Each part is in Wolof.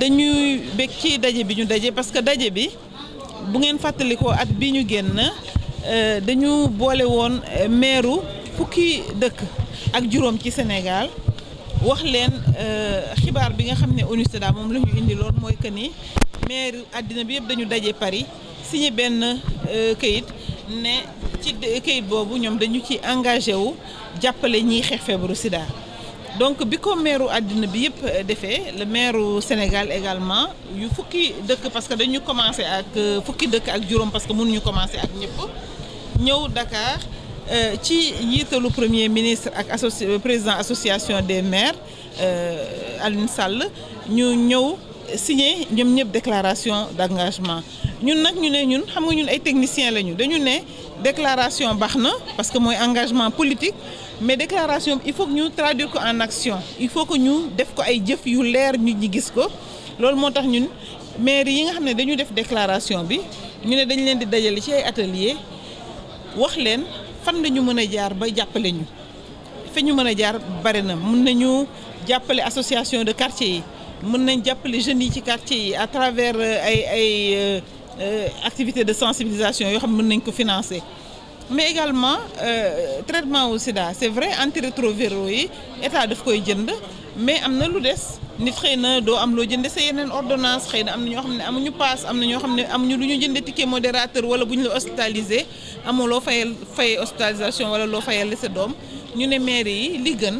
dañuy bég ci daje bi ñu daje parce que daje bi bu ngeen fàttalikoo at bi ñu génn euh, dañu boole woon euh, meeru fukki dëkk ak juróom ci Sénégal wax leen euh, xibaar bi nga xam ne UNICEDA moom la indi loon mooy que ni maire àddina bi yëpp dañu daje Paris signé benn këyit ne ci këyit boobu ñoom dañu ci engagé wu jàppale ñiy xeex feebaru sida donc bi ko meeru àddina bi yëpp euh, defee le meeru Sénégal également yu fukki dëkk parce que dañu commencé ak euh, fukki dëkk ak juróom parce que mënuñu commencé ak ñëpp ñëw Dakar euh, ci njiitalu premier ministre ak associ président association des maires Alioune Sall ñu ñëw signé ñoom ñëpp déclaration d' engagement. ñun nag ñu ne ñun xam nga ñun ay technicien lañu dañu ne déclaration baax na parce que mooy engagement politique mais déclaration il faut que ñu traduire ko en action il faut que ñu def ko ay jëf yu leer ñu ñi gis ko loolu moo tax ñun maire yi nga xam ne dañu def déclaration bi ñu ne dañ leen di dajale ci ay atelier wax leen fan la ñu mën a jaar ba jàppale ñu fa ñu mën a jaar bare na mun nañu jàppale association de quartier yi mën nañ jàppale jeunes yi ci quartier yi à travers euh, ay ay euh, Euh, activité de sensibilisation yoo xam ne mën nañ ko financer mais également euh, traitement wu sida c'est vrai antirétroviraux yi état daf koy jënd mais am na lu des nit xëy na doo am loo jënde sa yeneen ordonnance xëy na am na ñoo xam ne am amuñu paas am na ñoo xam ne amuñu lu ñu jënde ticket modérateur wala bu ñu la hospitalisé amoo loo fayal fay hospitalisation wala loo fayal sa doom ñu ne maire yi li gën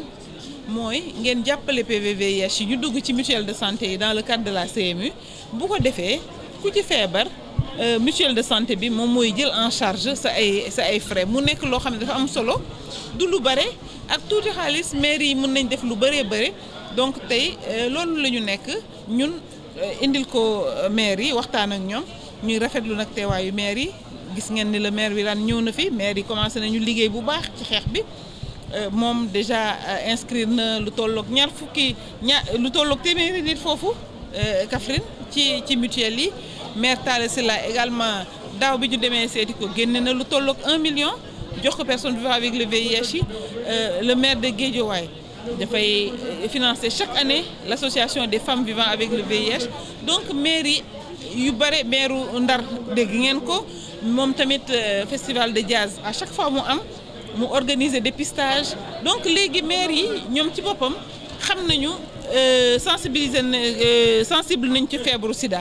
mooy ngeen jàppale PVVIH yi ñu dugg ci mutuelle de santé yi dans le cadre de la CMU bu ko defee ku ci feebar Euh, mutuelle de santé bi moom mooy jël en charge sa ay sa ay frais mu nekk loo xam ne dafa am solo du lu bare ak tuuti xaalis mairie yi mun nañ def lu bëree bëri donc tey euh, loolu la ñu nekk ñun euh, indil ko maire yi waxtaan ak ñoom ñuy rafetlu nag teewaayu maire yi gis ngeen ni la maire Wilane ñëw na fi maire yi commencé nañu liggéey bu baax ci xeex bi moom déjà inscrire na lu tolloog ñaar fukki ñaar lu tolloog téeméeri nit foofu Kaffrine ci ci mutuelle yi. maire Talla Sylla également daaw bi ñu demee seeti ko génne na lu tolloog un million jox ko personne vivant avec le VIH yi euh, le maire de Guédiawaye dafay euh, financer chaque année l'association des femmes vivant avec le VIH donc maire yi yu bare maire Ndar dégg ngeen ko moom tamit euh, festival de jazz à chaque fois mu am mu organiser dépistage donc léegi maire yi ñoom ci boppam xam nañu sensibiliser sensible nañ ci feebaru sida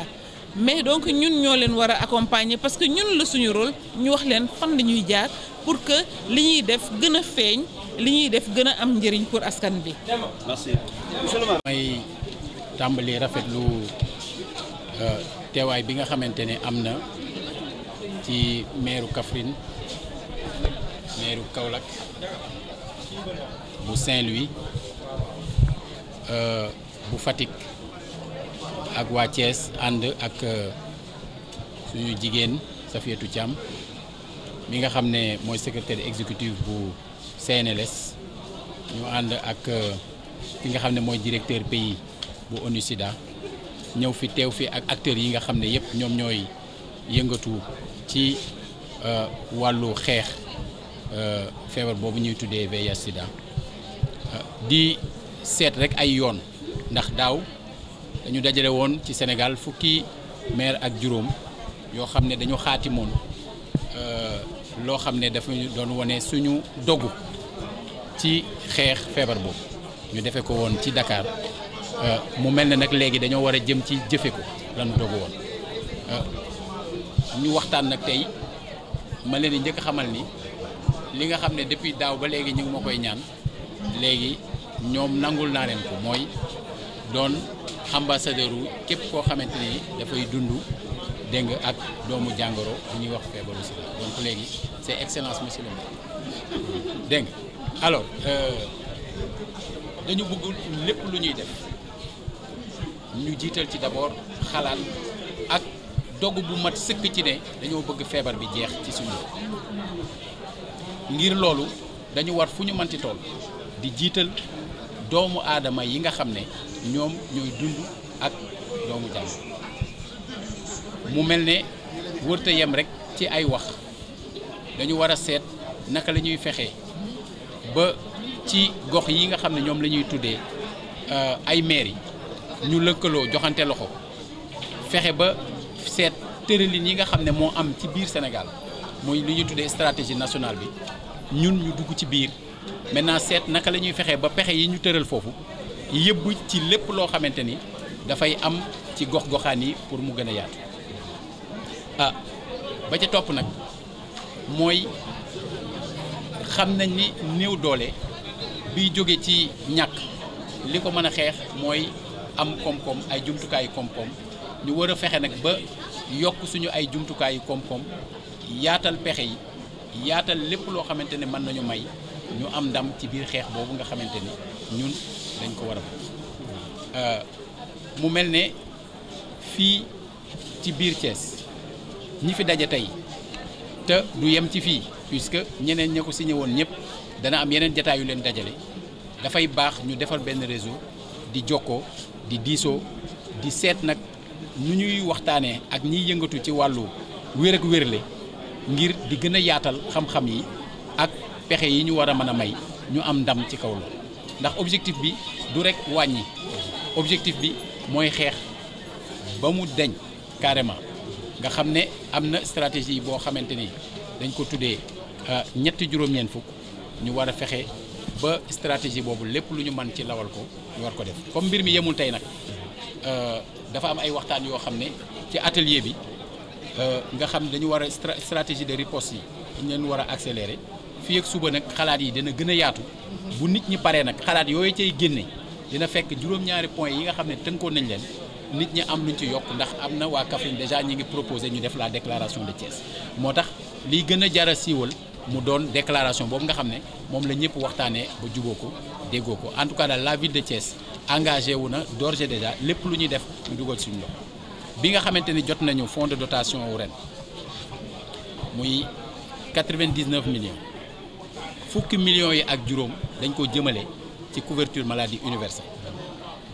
mais donc ñun ñoo leen war a accompagner parce que ñun la suñu rôle ñu wax leen fan la ñuy jaar pour que li ñuy def gën a feeñ li ñuy def gën a am njëriñ pour askan bi. merci. may tàmbali rafetlu euh, teewaay bi nga xamante ne am na ci meeru Kaffrine meeru Kaolack bu Saint-Louis euh, bu Fatick. ak waa Thiès ànd ak euh, suñu jigéen Safiatou Thiam mi nga xam ne mooy secrétaire exécutif bu CNLS ñu ànd ak euh, ki nga xam ne mooy directeur pays bu ONUSIDA ñëw fi teew fi ak acteurs yi nga xam ne yëpp ñoom ñooy yëngatu ci euh, wàllu xeex feebar boobu ñuy tuddee VIH di seet rek ay yoon ndax daaw dañu dajale woon ci Sénégal fukki maire ak juróom yoo xam ne dañu xaatimoon euh, loo xam ne dafa ñu doon wane suñu dogu ci xeex feebar boobu ñu defe ko woon ci dakaar euh, mu mel ne nag léegi dañoo war a jëm ci jëfe ko lanu dogu woon euh, ñu waxtaan nag tey ma leen di njëkk xamal ni li nga xam ne depuis daaw ba léegi ñu ngi ma koy ñaan léegi ñoom nangul naa leen ko mooy doon ambassadeur képp koo xamante ni dafay dund dégg nga ak doomu jàngoro bu ñuy wax feebaru sida donc léegi c'est excellence monsieur si maire hmm. dégg nga alors euh, dañu bëgg lépp lu ñuy def ñu jiital ci d'abord xalaat ak dogu bu mat sëkk ci ne dañoo bëgg feebar bi jeex ci suñu ngir loolu dañu war fu ñu mënti tool di jiital doomu aadama yi nga xam ne ñoom ñooy dund ak doomu jàmm mu mel ne wërta yem rek ci ay wax dañu war a seet naka la ñuy fexe ba ci gox yi nga xam ne ñoom la ñuy tuddee euh, ay maire ñu lëkkaloo joxante loxo fexe ba seet tëralin yi nga xam ne moo am ci biir Sénégal mooy li ñu tuddee stratégie nationale bi ñun ñu dugg ci biir maintenant seet naka lañuy ñuy fexee ba pexe yi ñu tëral foofu yëbb ci lépp loo xamante ni dafay am ci gox-goxaan yi pour mu gën a yaatu ah ba ca topp nag mooy xam nañ ni néew doole biy jóge ci ñàkk li ko mën a xeex mooy am koom-koom ay jumtukaayu koom-koom ñu war a fexe nag ba yokk suñu ay jumtukaayu koom-koom yaatal pexe yi yaatal lépp loo xamante ne mën nañu may ñu am ndam ci biir xeex boobu nga xamante ni ñun dañ ko war euh, mu mel ne fii ci biir cees ñi fi daje tey te du yem ci fii puisque ñeneen ña ko signé woon ñëpp dana am yeneen jataay yu leen dajale dafay baax ñu defar benn réseau di jokkoo di diisoo di seet nag ñu ñuy waxtaanee ak ñiy yëngatu ci wàllu wér ak wérle ngir di gën a yaatal xam-xam yi pexe yi ñu war a mën a may ñu am ndam ci kaw la ndax objectif bi du rek wàññi objectif bi mooy xeex ba mu deñ carrément nga xam ne am na stratégie boo xamante ni dañ ko tuddee euh, ñetti juróom-ñeent fukk ñu war a fexe ba stratégie boobu lépp lu ñu mën ci lawal ko ñu war ko def comme mbir mi yemul tey nag euh, dafa am ay waxtaan yoo xam ne ci atelier bi euh, nga xam dañu war a stratégie de riposte yi ñu leen war a accélérer fii suba nag xalaat yi dina gën a yaatu bu nit ñi paree nag xalaat yooyu cay génne dina fekk juróom-ñaari point yi nga xam ne tënkoon nañ leen nit ñi am luñ ci yokk ndax am na waa Kaffrine déjà ñi ngi proposé ñu def la déclaration de Thiès moo tax liy gën a jar a siiwal mu doon déclaration boobu nga xam ne moom la ñëpp waxtaanee ba juboo ko déggoo ko en tout cas la ville de Thiès engagé wu na d'ores et déjà lépp lu ñuy def ñu dugal suñu loxo bi nga xamante ni jot nañu fonds de dotation wu ren muy 99 millions fukki million yi ak juróom dañ ko jëmale ci couverture maladie universelle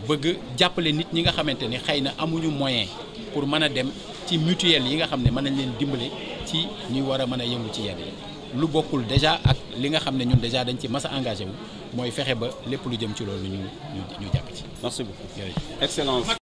bëgg jàppale nit ñi nga xamante ni xëy na amuñu moyen pour mën a dem ci mutuelle yi nga xam ne mën nañ leen dimbale ci ñuy war a mën a yëngu ci yenn yi lu bokkul déjà ak li nga xam ne ñun déjà dañ ci mas a engagé wu mooy fexe ba lépp lu jëm ci loolu ñu ñu ci.